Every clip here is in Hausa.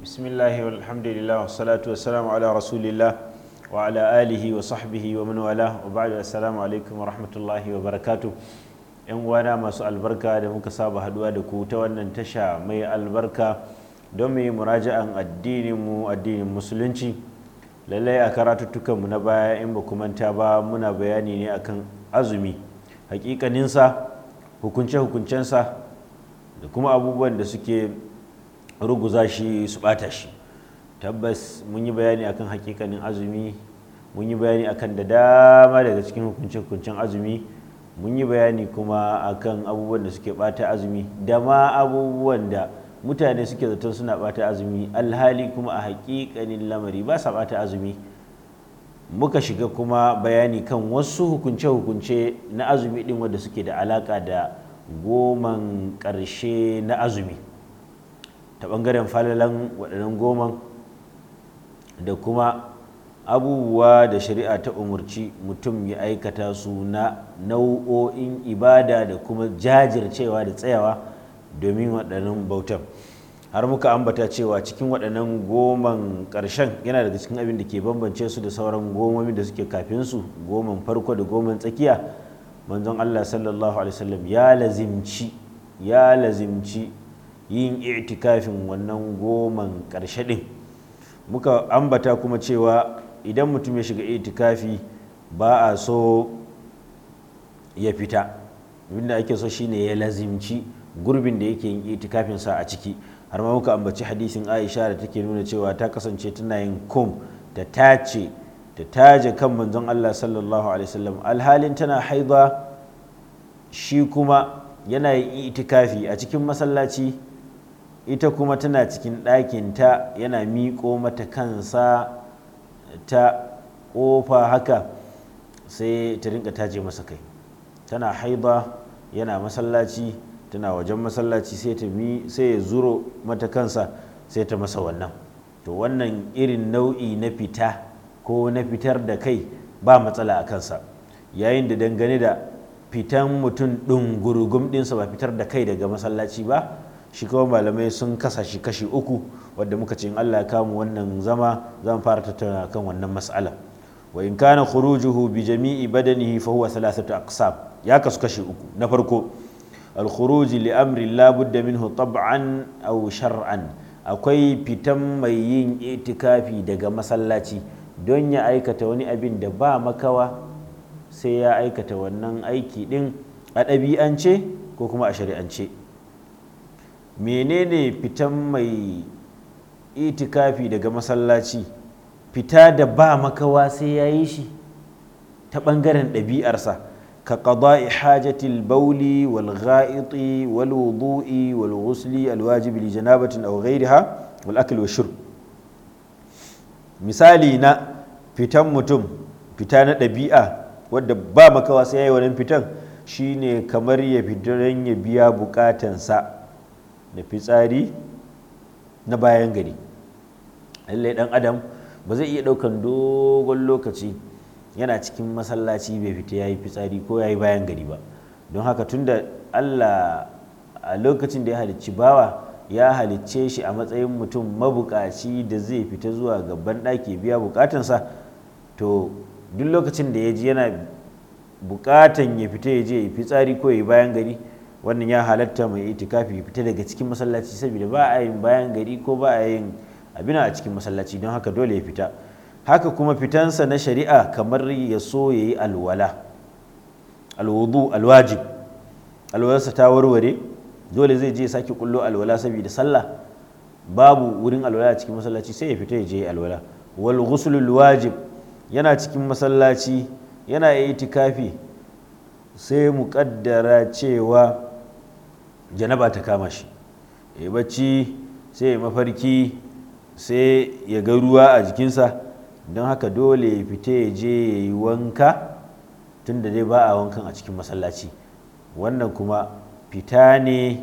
bismillahi walhamdulillah wassalatu wassalamu ala rasulillah wa ala alihi wa sahbihi wa man wala wa ba'du assalamu alaikum wa rahmatullahi wa yan uwana masu albarka da muka saba haduwa da ku ta wannan tasha mai albarka don mu yi muraja'an addinin addinin musulunci lallai a karatuttukan mu na baya in ba manta ba muna bayani ne akan azumi hakikaninsa hukunce-hukuncensa da kuma abubuwan da suke ruguza shi su ɓata shi tabbas mun yi bayani akan hakikanin azumi mun yi bayani akan da dama daga cikin hukunce-hukuncen azumi mun yi bayani kuma akan abubuwan da suke bata azumi da ma abubuwan da mutane suke zaton suna bata azumi alhali kuma a hakikanin lamari ba sa ɓata azumi muka shiga kuma bayani kan wasu hukunce-hukunce na azumi ɗin wadda suke da alaƙa da goman ƙarshe na azumi ta ɓangaren falalan waɗannan goman da kuma abubuwa da shari'a ta umarci mutum ya aikata su na nau'o'in ibada da kuma jajircewa da tsayawa domin waɗannan bautan. har muka ambata cewa cikin waɗannan goman ƙarshen yana daga cikin abin da ke bambance su da sauran gomomin da suke kafin su goman farko da goman tsakiya manzon Allah sallallahu alaihi wasallam ya lazimci ya lazimci yin i'tikafin wannan goman ƙarshe ɗin muka ambata kuma cewa idan mutum ya shiga i'tikafi ba a so ya fita abinda ake so shine ya lazimci gurbin da yake yin i'tikafin sa a ciki har ma muka ambaci hadisin aisha da take nuna cewa ta kasance tana yin kum ta tace ta taje kan manzon allah sallallahu alaihi wasallam alhalin tana haida shi kuma yana yin itikafi a cikin masallaci ita kuma tana cikin ɗakinta yana miƙo mata kansa ta ƙofa haka sai ta rinka taje masa kai tana haida yana masallaci tana wajen masallaci sai ya zuro mata kansa sai ta masa wannan to wannan irin nau'i na fita ko na fitar da kai ba matsala a kansa yayin da dangane da fitan mutum ɗin gurugum ɗinsa ba fitar da kai daga masallaci ba shi kawai malamai sun kasa shi kashi uku wadda muka ce in Allah ya kamu wannan zama zan fara tattauna kan wannan mas'ala wa in kana khurujuhu bi jami'i badanihi fa huwa thalathatu aqsam ya kasu kashi uku na farko al-khuruj li amri la budda minhu tab'an aw akwai fitan mai yin itikafi daga masallaci don ya aikata wani abin da ba makawa sai ya aikata wannan aiki din a ɗabi'ance ko kuma a shari'ance menene fitan mai itikafi daga masallaci fita da ba makawa sai ya yi shi ta ɓangaren ɗabi'arsa كقضاء حاجة البول والغائط والوضوء والغسل الواجب لجنابة أو غيرها والأكل والشرب misali na fitan mutum fita na ɗabi'a wadda ba makawa sai ya yi wannan fitan shine kamar ya fita don ya biya bukatansa na fitsari na bayan gari lallai ɗan adam ba zai iya ɗaukan dogon lokaci yana cikin masallaci bai fita ya yi fitsari ko ya yi bayan gari ba don haka tun da allah a lokacin da ya halicci bawa ya halicce shi a matsayin mutum mabukaci da zai fita zuwa gaban ɗaki biya bukatansa to duk lokacin da ya ji yana bukatan ya fita ya je ya fitsari ko ya bayan gari wannan ya halatta mai itikafi ya fita daga cikin masallaci saboda ba a yin bayan gari ko ba a yin abin a cikin masallaci don haka dole ya fita haka kuma fitansa na shari'a kamar ya so ya yi alwala alwudu alwajib alwalarsa ta warware dole zai je sake kullo alwala saboda sallah babu wurin alwala a cikin masallaci sai ya fita ya je alwala wal ghuslul wajib yana cikin masallaci yana itikafi sai mu kaddara cewa janaba ta kama shi ya bacci sai mafarki sai ya ga ruwa a jikinsa don haka dole ya fita ya je ya yi wanka tun da dai ba a wankan a cikin masallaci wannan kuma fita ne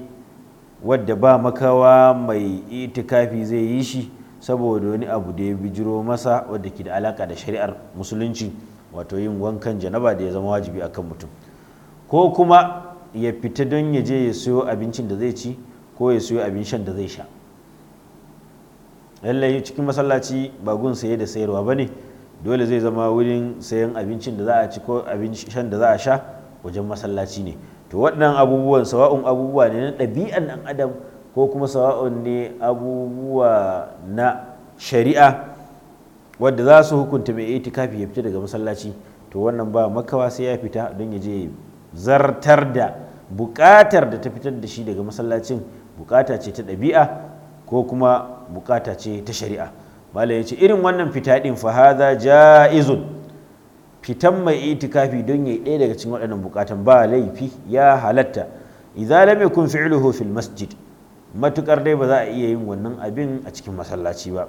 wadda ba makawa mai itikafi zai yi shi saboda wani abu da ya bijiro masa wadda ke da alaka da shari'ar musulunci wato yin wankan janaba da ya zama wajibi akan mutum ko kuma ya fita don ya je ya siyo abincin da zai ci ko ya siyo abin shan da zai sha lallai cikin masallaci ba gun saye da sayarwa ba ne dole zai zama wurin sayan abincin da za a ci ko abincin da za a sha wajen masallaci ne to waɗannan abubuwan sawa'un abubuwa ne na ɗabi'an ɗan adam ko kuma sawa'un ne abubuwa na shari'a wadda za su hukunta mai itikafi ya fita daga masallaci to wannan ba makawa sai ya fita don ya je zartar da buƙatar da ta fitar da shi daga masallacin buƙata ce ta ɗabi'a ko kuma bukata ce ta shari'a malam ya ce irin wannan fita din fa hadha jaizun fitan mai itikafi don yayi ɗaya daga cikin waɗannan bukatan ba laifi ya halatta idza lam yakun fi'luhu fil masjid matukar dai ba za a iya yin wannan abin a cikin masallaci ba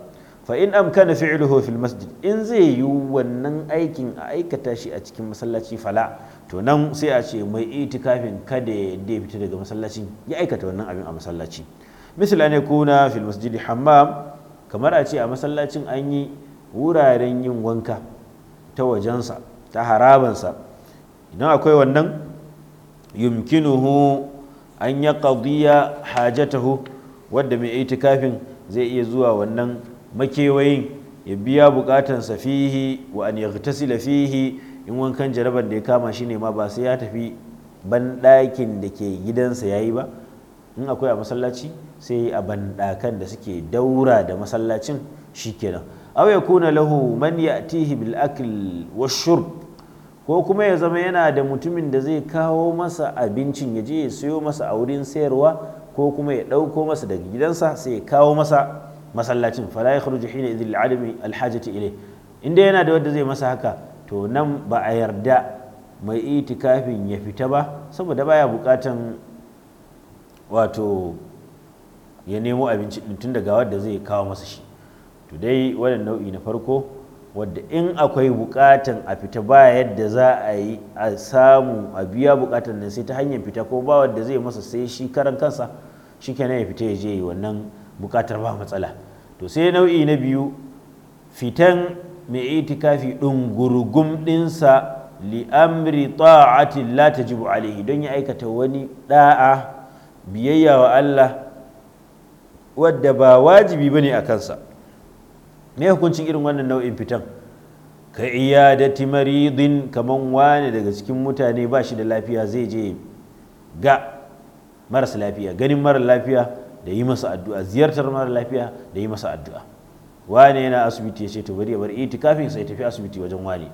fa in amkana fi'luhu fil masjid in zai yi wannan aikin a aikata shi a cikin masallaci fala to nan sai a ce mai itikafin kada ya fita daga masallacin ya aikata wannan abin a masallaci misali an yakuna fil masjidi hammam kamar a ce a masallacin an yi wuraren yin wanka ta wajensa ta harabansa idan akwai wannan yumkinuhu an ya qadiya hajatahu wadda mai itikafin zai iya zuwa wannan makewayin ya biya bukatan safihi wa an yaghtasila fihi in wankan jaraban da ya kama shi ne ma ba sai ya tafi ban banɗakin da ke gidansa ya yi ba in akwai a masallaci sai a bandakan da suke daura da masallacin shi shikenan aw yakuna lahu man ya'tihi bil akl washurb ko kuma ya zama yana da mutumin da zai kawo masa abincin ya je ya siyo masa a wurin sayarwa ko kuma ya ɗauko masa daga gidansa sai ya kawo masa masallacin fala ya hina idil alimi alhajati ile inda yana da wanda zai masa haka to nan ba a yarda mai itikafin ya fita ba saboda baya bukatan wato ya nemo abinci din tun daga wadda zai kawo masa shi to dai wannan nau'i na farko wadda in akwai bukatan a fita ba yadda za a yi a samu a biya bukatan nan sai ta hanyar fita ko ba wadda zai masa sai shi karan kansa shi kenan ya fita ya je yi wannan bukatar ba matsala to sai nau'i na biyu fitan mai itikafi ɗin gurgum ɗinsa li'amri ta'atin la tajibu alaihi don ya aikata wani da'a biyayya wa Allah wadda ba wajibi ba ne a kansa me hukuncin irin wannan nau'in fitan ka iya iyadati maridin kamar wani daga cikin mutane ba shi da lafiya zai je ga marasa lafiya ganin mara lafiya da yi masa addu'a ziyartar mara lafiya da yi masa addu'a Wani yana asibiti ya ce to bari ya bar itikafin sai tafi asibiti wajen wani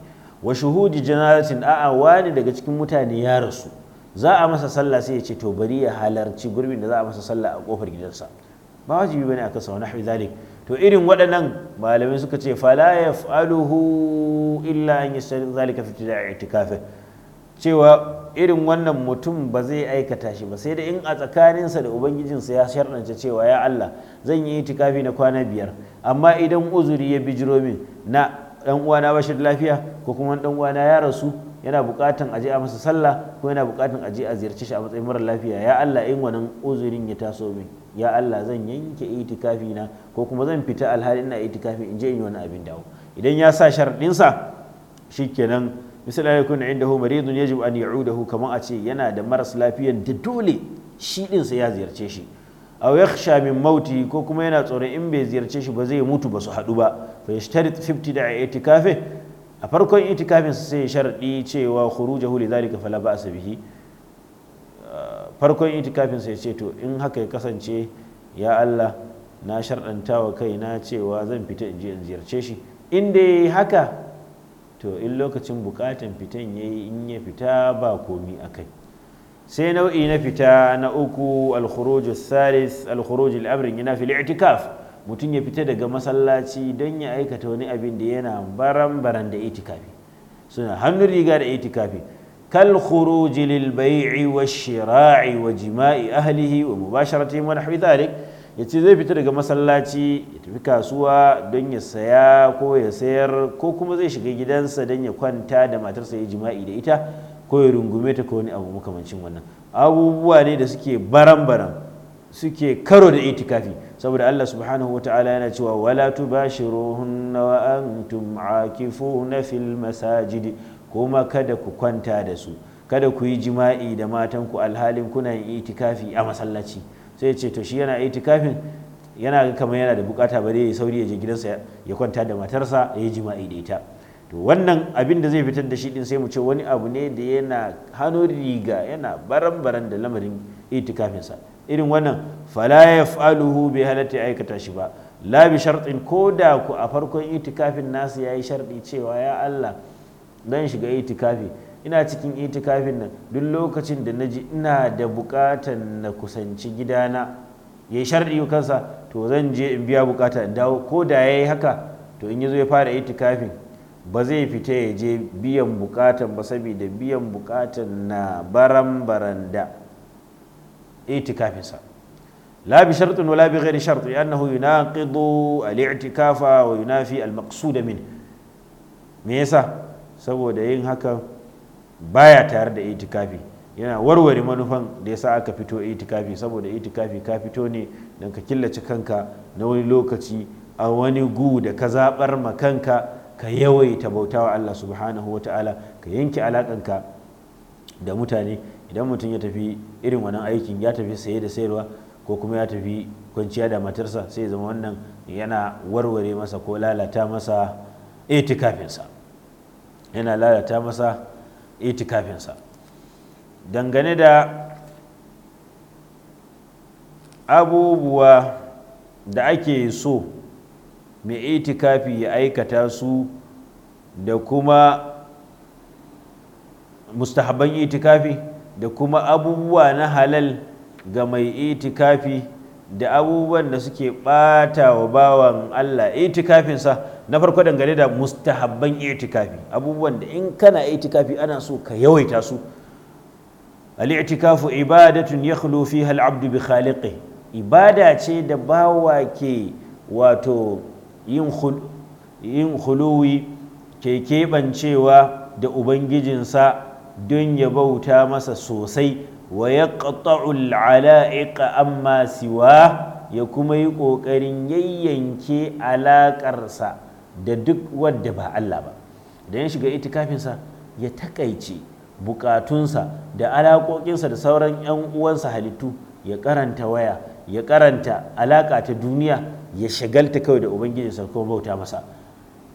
wa shuhudi janazatin a'a wani daga cikin mutane ya rasu za a masa sallah sai ya ce to bari ya halarci gurbin da za a masa sallah a kofar gidansa ba wajibi bane aka sau na zalik to irin waɗannan malamai suka ce fala yaf'aluhu illa an yastari zalika fi ibtida'i cewa irin wannan mutum ba zai aikata shi ba sai da in a tsakaninsa da ubangijinsa ya sharɗance cewa ya Allah zan yi itikafi na kwana biyar amma idan uzuri ya bijiro min na dan uwana ba shi lafiya ko kuma dan uwana ya rasu yana bukatan aje a masa sallah ko yana bukatan aje a ziyarce shi a matsayin mara lafiya ya Allah in wannan uzurin ya taso min ya Allah zan yanke itikafi na ko kuma zan fita alhali ina itikafi in je in yi wani abin dawo idan ya sa sharadinsa shikenan misali ya kuna inda hu maridun yajibu an ya'udahu kamar a ce yana da maras lafiyan da dole shi din ya ziyarce shi aw yakhsha min mauti ko kuma yana tsoron in bai ziyarce shi ba zai mutu ba su hadu ba fa yashtarit 50 da itikafi a farkon itikafin sai sharadi cewa khurujahu lidhalika fala ba'sa bihi farkon itikafin sai ce to in haka ya kasance ya Allah na sharɗanta wa kai na cewa zan fita in je in ziyarce shi in da ya yi haka to in lokacin bukatan fitan ya yi in ya fita ba komi a kai sai nau'i na fita na uku alkhuruju salis alkhuruju abrin yana fil itikaf mutum ya fita daga masallaci don ya aikata wani abin da yana baran baran da itikafi suna hannun riga da itikafi Kal كالخروج للبيع ahlihi وجماع أهله ومباشرتهم ونحو ذلك yace zai fita daga masallaci ya tafi kasuwa don ya saya ko ya sayar ko kuma zai shiga gidansa don ya kwanta da matarsa ya jima'i da ita ko ya rungume ta ko wani abu makamancin wannan abubuwa ne da suke baram baram suke karo da itikafi saboda Allah subhanahu wa ta'ala yana cewa wala tubashiruhunna wa antum akifuna fil masajidi kuma kada ku kwanta da su kada ku yi jima'i da matanku alhalin kuna yin itikafi a masallaci sai ce to shi yana itikafin yana kamar yana da bukata bari ya sauri ya je gidansa ya kwanta da matarsa ya yi jima'i da ita to wannan abin da zai fitar da shi din sai mu ce wani abu ne da yana hannun riga yana baran-baran da lamarin itikafinsa irin wannan fala yaf'aluhu bai halatta aikata shi ba labi bi ko da ku a farkon itikafin nasu yayi sharɗi cewa ya Allah dan shiga itikafi ina cikin itikafin nan duk lokacin da naji ina da bukatan na kusanci gidana ya sharɗi kansa to zan je in biya bukata in dawo ko da yayi haka to in ya ya fara itikafin ba zai fita ya je biyan bukatan ba saboda biyan bukatan na baran baranda itikafinsa لا بشرط ولا بغير شرط لأنه يناقض الاعتكاف وينافي المقصود منه ميسا saboda yin haka baya tare da itikafi yana warware manufan da ya sa aka fito itikafi saboda itikafi ka fito ne don ka killace kanka na wani lokaci a wani gu da ka zaɓar ma kanka ka yawaita wa Allah subhanahu wa ta'ala ka yanke alaƙanka da mutane idan mutum ya tafi irin wannan aikin ya tafi saye da sayarwa ko kuma ya tafi kwanciya da matarsa sai zama wannan yana warware masa ko lalata masa itikafinsa yana lalata masa itikafinsa dangane da abubuwa da ake so mai itikafi ya aikata su da kuma mustahabban itikafi da kuma abubuwa na halal ga mai itikafi da abubuwan da suke ɓata wa bawan Allah itikafinsa na farko dangane da mustahabban itikafi abubuwan da in kana itikafi ana so ka yawaita su al-i'tikafu ibadatun ya fiha abdu bi khaliqi ibada ce da bawa ke wato yin yin ke keɓancewa da ubangijinsa don ya bauta masa sosai wa yaqta'u al'ala'iq amma siwa ya kuma yi ƙoƙarin yayyanke alaƙarsa da duk wadda ba Allah ba da ya shiga itikafinsa ya takaice bukatunsa da alaƙoƙinsa da sauran 'yan uwansa halittu ya ƙaranta waya ya ƙaranta alaƙa ta duniya ya shagalta kawai da ubangiji sa kuma bauta masa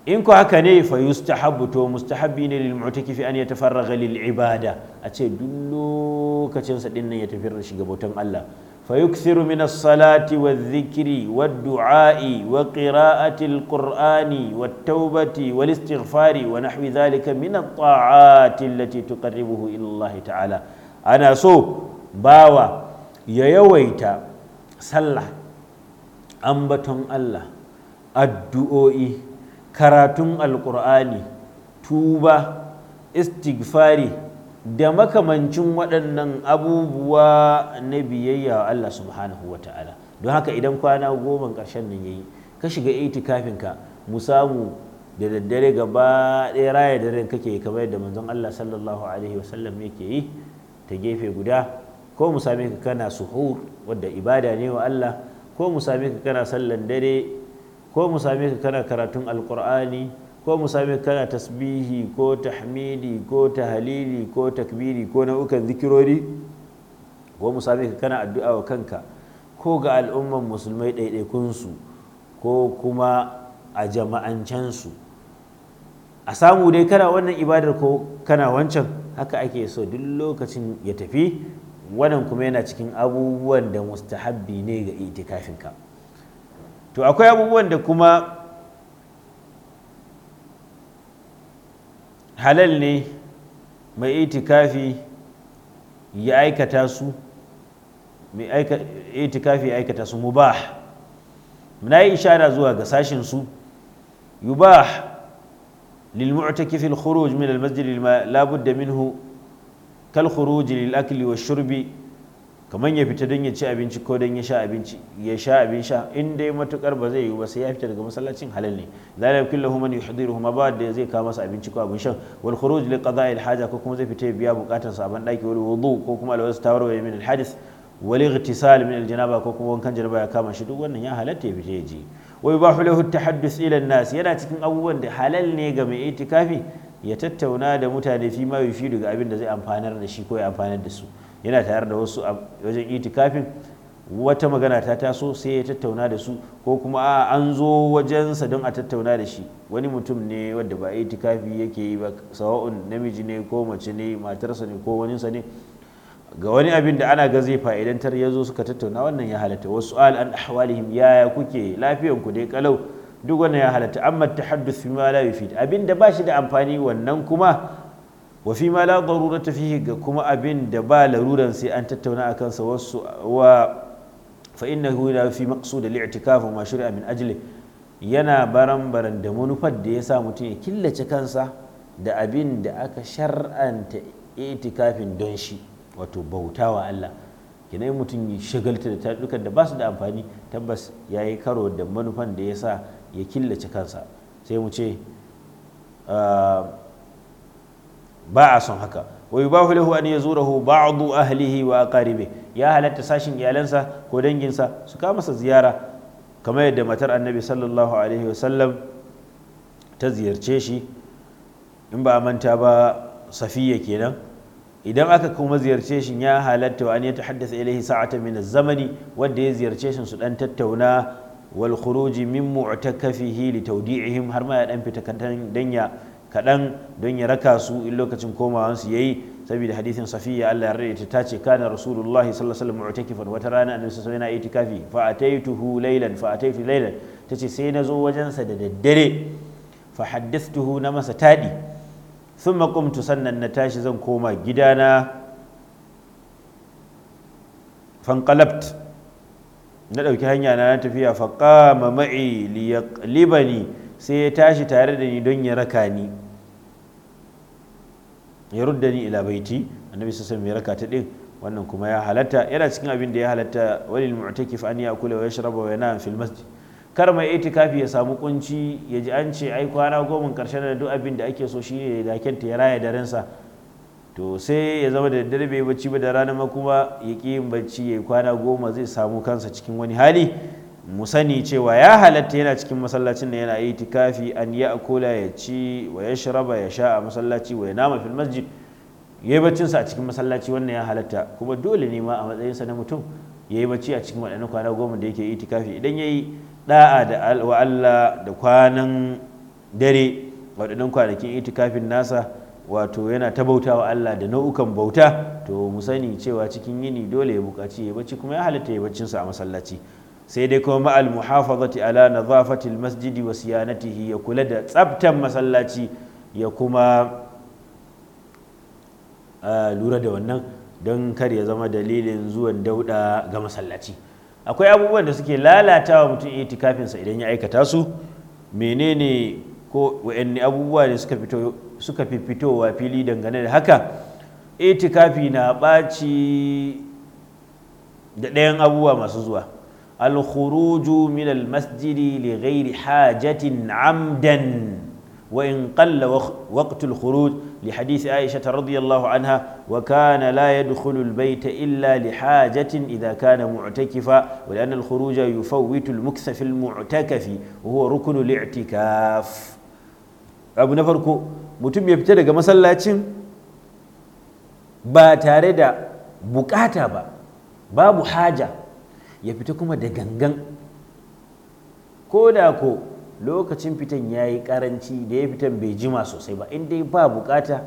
in ko haka ne fa yustahabbu to mustahabbi ne lil mu'takifi an yatafarraga lil ibada a ce duk lokacin sa nan ya tafi da shiga bautan Allah fa yukthiru min as-salati wadh-dhikri wad-du'a'i wa qira'ati al-qur'ani wat-taubati wal-istighfari wa nahwi dhalika min at-ta'ati allati tuqarribuhu ila Allah ta'ala ana so bawa ya yawaita sallah ambaton Allah addu'o'i karatun alkur'ani tuba istighfari da makamancin waɗannan abubuwa na biyayya wa Allah subhanahu wa ta'ala don haka idan kwana goma ƙarshen nan yayi ka shiga kafinka mu samu da daddare gaba ɗaya raya ran kake kamar yadda manzon Allah sallallahu alaihi wa sallam yake yi ta gefe guda ko mu same ka kana suhur wadda ibada ne wa Allah ko mu same ka kana sallan dare ko mu same ka kana karatun alkur'ani ko mu same ka kana tasbihi ko tahmidi ko tahalili ko takbiri ko nau'ukan zikirori ko mu same ka kana addu'a wa kanka ko ga al'umman musulmai ɗaiɗaikunsu ko kuma a jama'ancensu a samu dai kana wannan ibadar ko kana wancan haka ake so duk lokacin ya tafi wannan kuma yana cikin abubuwan da mustahabbi ne ga itikafinka ka to akwai abubuwan da kuma halal ne mai itikafi ya aikata su mai itikafi ya aikata su mubah na yi ishara zuwa ga sashin su yubah للمعتكف الخروج من المسجد لا بد منه كالخروج للأكل والشرب kamar ya fita don ya ci abinci ko don ya sha abinci ya sha abin sha in dai matukar ba zai yi ba sai ya fita daga masallacin halal ne zalim kullahu man yuhdiruhu ma ba da zai kawo masa abinci ko abin shan wal khuruj li qada'i haja ko kuma zai fita ya biya bukatar sa ban daki wal wudu ko kuma alwas wa yamin al hadith wal ightisal min al janaba ko kuma wankan janaba ya kama shi duk wannan ya halatta ya fita ya ji wa yubahu lahu tahaddus ila nas yana cikin abubuwan da halal ne ga mai itikafi ya tattauna da mutane fi ma yufi daga abin da zai amfanar da shi ko ya amfanar da su yana tare da wasu a wajen itikafin wata magana ta taso sai ya tattauna da su ko kuma a an zo wajensa don a tattauna da shi wani mutum ne wadda ba itikafi yake yi ba sawa'un namiji ne ko mace ne matarsa ne ko waninsa ne ga wani abin da ana ga zai fa'idantar ya zo suka tattauna wannan ya halatta wasu al'an ahwalihim yaya kuke lafiyan ku dai kalau duk wannan ya halatta amma fi ma la yufid abin da ba shi da amfani wannan kuma wa fi ma la darurata fihi ga kuma abin da ba laruran sai an tattauna a kansa wasu wa fa innahu la fi li'a al-i'tikaf ma shari'a min yana baran-baran da manufar da ya sa mutum ya killace kansa da abin da aka shar'anta itikafin don shi wato bautawa Allah kenan mutum ya shagalta da tarukan da ba su da amfani tabbas ya yi karo da manufan da ya sa ya killace kansa sai mu ce ah, ba a son haka wa yubahu lahu an yazurahu ba'du ahlihi wa aqaribi ya halatta sashin iyalansa ko danginsa su ka masa ziyara kamar yadda matar annabi sallallahu alaihi wa sallam ta ziyarce shi in ba a manta ba safiya kenan idan aka kuma ziyarce shi ya halatta wa an ya tahaddasa ilaihi sa'ata min zamani wanda ya ziyarce shi su dan tattauna wal khuruji min mu'takafihi li tawdi'ihim har ma ya dan fita kan danya kaɗan don ya raka su in lokacin komawansu ya yi saboda hadisin safiya Allah ya rarrata ta ce kana rasulullah sallallahu alaihi wasallam mu'takifan wata rana annabi sallallahu alaihi wasallam yana itikafi fa ataituhu laylan fa ataitu laylan tace sai na zo sa da daddare fa haddathtuhu na masa tadi thumma qumtu sannan na tashi zan koma gidana fanqalabt na dauki hanya na tafiya fa qama ma'i liyaqlibani sai ya tashi tare da ni don ya raka ni ya rudda ni ila baiti annabi sassan ya raka ta din wannan kuma ya halatta yana cikin abin da ya halatta walil mu'takif an ya'kula wa yashraba wa yanam fil masjid kar mai itikafi ya samu kunci ya ji an ce ai kwana goma karshen da duk abin da ake so shine da ta ya raya daren sa to sai ya zama da daddare bai bacci ba da rana ma kuma ya ƙi yin bacci ya kwana goma zai samu kansa cikin wani hali mu cewa ya halatta yana cikin masallacin da yana itikafi an ya akola ya ci wa ya shiraba ya sha a masallaci wa ya nama fil masjid ya yi baccinsa a cikin masallaci wannan ya halatta kuma dole ne ma a matsayinsa na mutum ya yi bacci a cikin waɗannan kwana goma da yake tikafi idan ya yi ɗa'a da wa Allah da kwanan dare waɗannan kwanakin itikafin nasa wato yana ta bauta wa Allah da nau'ukan bauta to mu cewa cikin yini dole ya buƙaci ya bacci kuma ya halatta ya baccinsa a masallaci sai dai kuma ma'al muhafazati ala nazafatil masjidi wa siyanatihi ya kula da tsabtan masallaci ya kuma lura da wannan don kar ya zama dalilin zuwan dauda ga masallaci akwai abubuwan da suke lalatawa mutum itikafinsa idan ya aikata su menene ko wa'anne abubuwa ne suka suka fi fitowa fili dangane da haka itikafi na ɓaci da ɗayan abubuwa masu zuwa al-kuruju min al-masjidi li ghairi hajatin amdan wa in qalla waqtu alkhuruj li hadith aisha ta radiyallahu anha wa kana la yadkhulu albayta illa li hajatin idha kana mu'takifa wa anna alkhuruja yufawwitu almuksa fi almu'takafi wa huwa ruknu li'tikaf abu na farko mutum ya fita daga masallacin ba tare da bukata ba babu haja ya fita kuma da gangan ko da ko lokacin fitan ya yi karanci da ya fitan bai jima sosai ba in dai ba bukata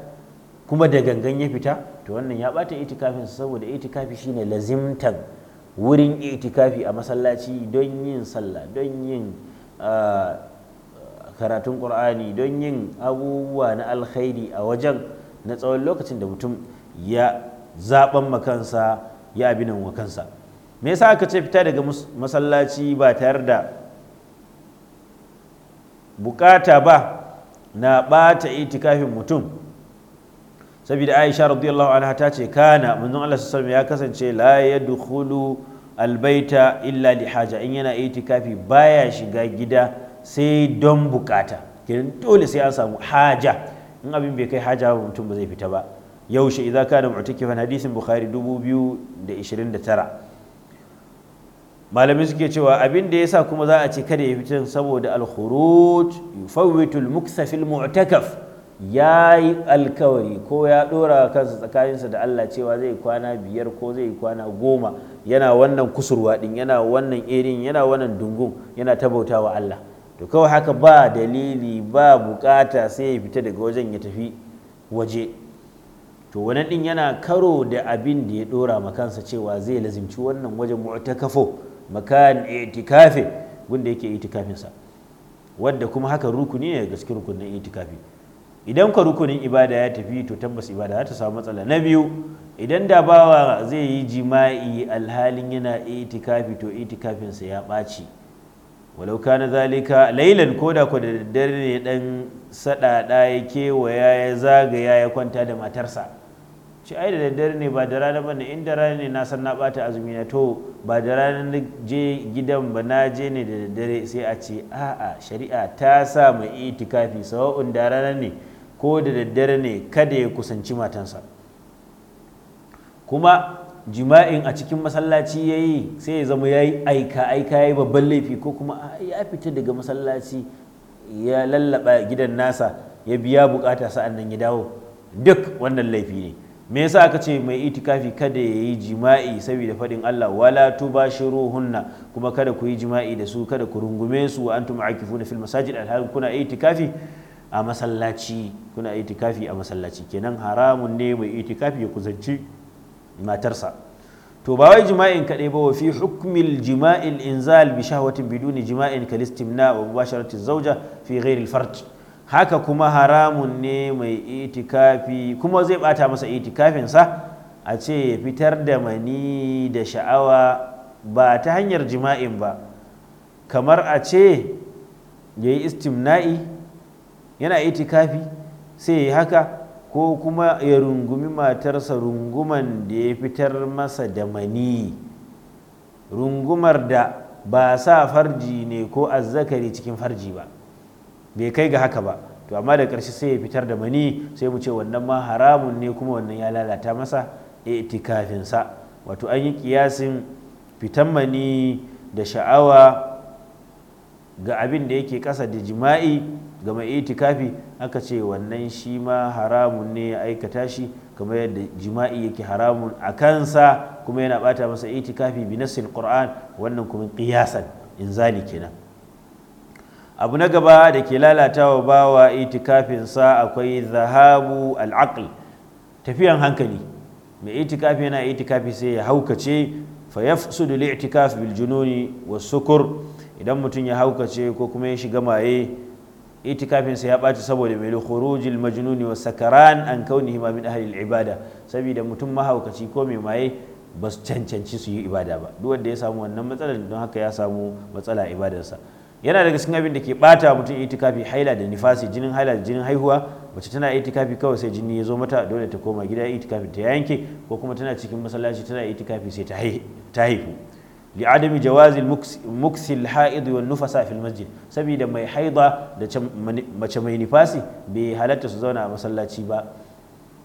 kuma da gangan ya fita to wannan ya bata itikafin saboda itikafi shine lazimtan wurin itikafi a masallaci don yin sallah don yin ah, karatun qur'ani don yin abubuwa na alkhairi a wajen na tsawon lokacin da mutum ya zaben makansa ya abinan wa kansa me yasa aka ce fita daga masallaci ba tare da bukata ba na bata itikafin mutum saboda aisha radiyallahu anha ta ce kana manzon Allah sallallahu ya kasance la yadkhulu albaita illa li haja in yana itikafi baya shiga gida sai don bukata kin dole sai an samu haja in abin bai kai haja ba mutum ba zai fita ba yaushe idza kana mu'tikifan hadisin bukhari 2029 malamai suke cewa abin da yasa kuma za a ce kada ya fitin saboda alkhuruj khuruj yufawwitu mu'takaf ya yi alkawari ko ya dora kansa tsakaninsa da Allah cewa zai kwana biyar ko zai kwana goma yana wannan kusurwa din yana wannan irin yana wannan dungun yana ta bautawa Allah to kawai haka ba dalili ba bukata sai ya fita daga wajen ya tafi waje to wannan din yana karo da abin da ya dora ma kansa cewa zai lazimci wannan wajen mu'takafo makan itikafi gunda yake itikafin sa wanda kuma haka rukuni ne da cikin rukunin itikafi idan ka rukunin ibada ya tafi to tabbas ibada za ta samu matsala na biyu idan da bawa zai yi jima'i alhalin yana itikafi to itikafin sa ya ɓaci walau kana zalika lailan koda ko da daddare ne dan sadada ya kewaya ya zagaya ya kwanta da matarsa ci ai da daddare ne ba da rana ba ne in da rana ne na san na bata azumi na to ba da rana na je gidan ba na je ne da daddare sai a ce a'a shari'a ta sa mai itikafi sawa'un da rana ne ko da daddare ne kada ya kusanci matansa kuma jima'in a cikin masallaci ya yi sai ya zama ya yi aika aika ya yi babban laifi ko kuma ya fita daga masallaci ya lallaba gidan nasa ya biya bukata sa'an nan ya dawo duk wannan laifi ne me yasa aka ce mai itikafi kada ya yi jima'i saboda faɗin Allah wala ruhunna kuma kada ku yi jima'i da su kada ku rungume su wa antum akifuna fil masajid alhalin kuna itikafi a masallaci kuna itikafi a masallaci kenan haramun ne mai itikafi ya kuzanci matarsa to ba wai jima'in kaɗai ba wa fi hukmil jima'il inzal bi shahwatin biduni jima'in kalistimna wa mubasharati zauja fi ghairi farj haka kuma haramun ne mai itikafi kuma zai bata masa itikafinsa a ce ya fitar da mani da sha'awa ba ta hanyar jima'in ba kamar a ce ya yi istimna'i yana itikafi sai ya haka ko kuma ya rungumi matarsa runguman da ya fitar masa da mani rungumar da ba sa farji ne ko azzakari cikin farji ba bai kai ga haka ba to amma da ƙarshe sai ya fitar da mani sai mu ce wannan ma haramun ne kuma wannan ya lalata masa itikafinsa wato an yi kiyasin fitan mani da sha'awa ga abin da yake kasa da jima'i ga mai itikafi aka ce wannan shi ma haramun ne ya aikata shi kamar yadda jima'i yake haramun a kansa kuma yana bata masa itikafi bi nassil qur'an wannan kuma in inzali kenan abu na gaba da ke lalata lalatawa bawa itikafinsa akwai zahabu al'aql tafiyan hankali mai itikafi yana itikafi sai ya haukace fa su da bil jununi wasukur sukur idan mutum ya haukace ko kuma ya shiga maye itikafinsa ya ɓaci saboda mai khurujil majnuni wa sakaran an kauni himamin min ibada saboda mutum mahaukaci ko mai maye ba su cancanci su yi ibada ba duk wanda ya samu wannan matsalar don haka ya samu matsala ibadarsa yana daga cikin abin da ke bata mutum itikafi haila da nifasi jinin haila da jinin haihuwa mace tana itikafi kawai sai jini ya zo mata dole ta koma gida kafi ta yanke ko kuma tana cikin masallaci tana kafi sai ta haihu li'adami jawazi muksil ha'id wal nufasa fil masjid saboda mai haida da mace mai nifasi bai halatta su zauna a masallaci ba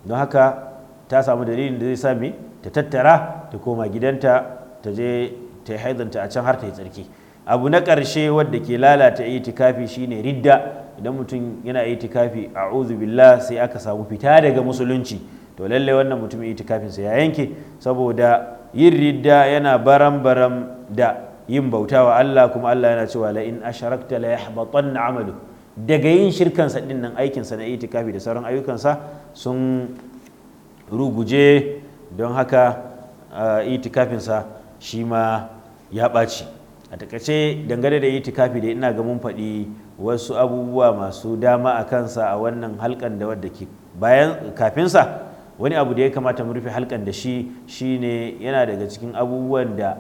don haka ta samu dalilin da zai sa ta tattara ta koma gidanta ta je ta yi haidanta a can har ta yi tsarki abu na ƙarshe wadda ke lalata itikafi shine ridda idan mutum yana itikafi a billah sai aka samu fita daga musulunci to lallai wannan mutum itikafinsa ya yanke saboda yin ridda yana baram-baram da yin bauta wa Allah kuma Allah yana cewa la in asharakta la yahbatanna amalu daga yin shirkansa din nan aikinsa na itikafi da sauran ayyukansa sun ruguje don haka sa shi ma ya ɓaci a takaice dangane da tikafi da ina ga mun faɗi wasu abubuwa masu dama a kansa a wannan halkan da wadda ke bayan kafinsa wani abu da ya kamata mu rufe halkan da shi shine yana daga cikin abubuwan da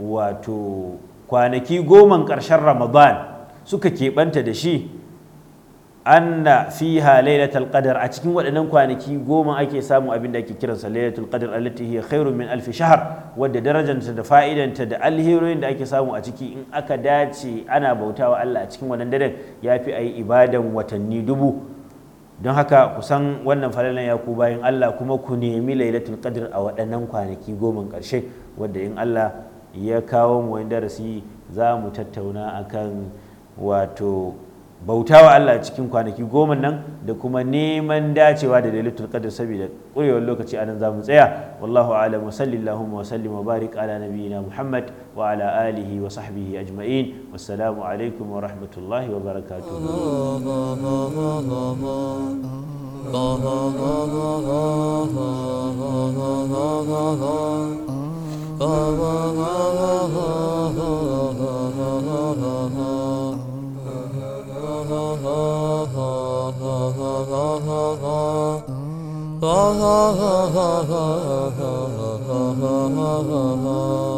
wato kwanaki goman ƙarshen ramadan suka keɓanta da shi anna fiha lailatul qadar a cikin waɗannan kwanaki goma ake samu abin da ake kiransa lailatul qadar allati hiya khairun min alf shahr wadda darajanta da fa'idanta da alheroyin da ake samu a ciki in aka dace ana bautawa Allah a cikin wannan daren yafi ayi ibadan watanni dubu don haka kusan wannan falalan ya ku bayan Allah kuma ku nemi lailatul qadr a waɗannan kwanaki goma ƙarshe wadda in Allah ya kawo mu wani darasi za mu tattauna akan wato bautawa Allah cikin kwanaki goma nan da kuma neman dacewa da lailatul qadr saboda kurewar lokaci anan zamu tsaya wallahu a'lam wa sallallahu wa sallim wa barik ala nabiyyina muhammad wa ala alihi wa sahbihi ajma'in wassalamu alaikum wa rahmatullahi wa barakatuh ha ha ha ha